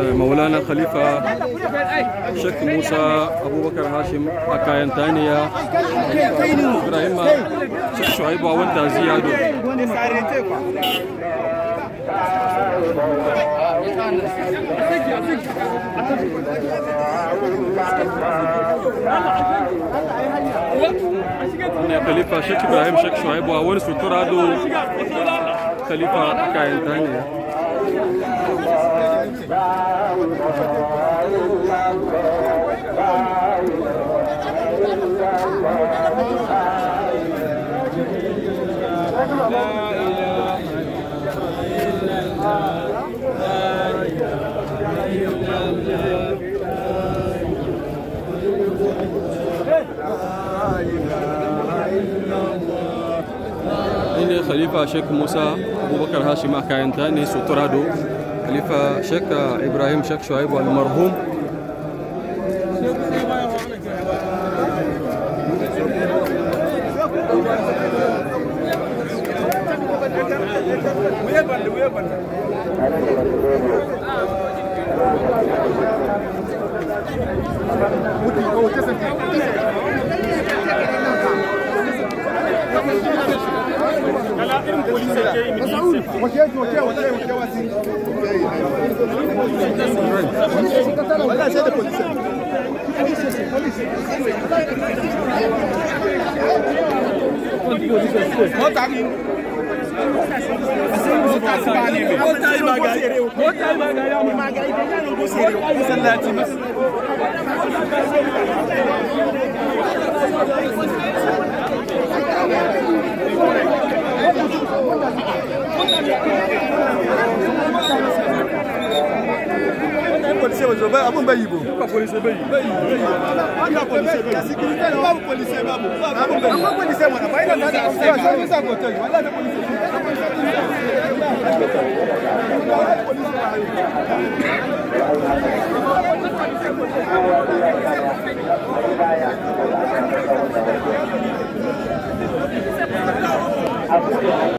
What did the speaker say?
آه، مولانا خليفة شيخ موسى أبو بكر هاشم أكاين تانية إبراهيم شيخ شعيب زياد تعزية خليفة شيخ إبراهيم شيخ شعيب وأول سترة Khalifa Kaentani. Allah Allah Allah Allah Allah Allah Allah ni ne khalifa sheikh musa abubakar hashima kayanta ne suturado khalifa sheikh ibrahim sheikh shuaibu al-marhum ويبل ويبل irin police da ke yi mu Saul wake wake wake wake wasi wallahi sai da police Bota aí. Bota aí, Magalhães. Bota aí, Magalhães. Magalhães, eu não vou ser eu. Isso é látima. Thank you. policier aujourd'hui, avant de Yibo. Pas policier Bayi. Bayi. On a policier Bayi. La sécurité, on va policier Bayi. On policier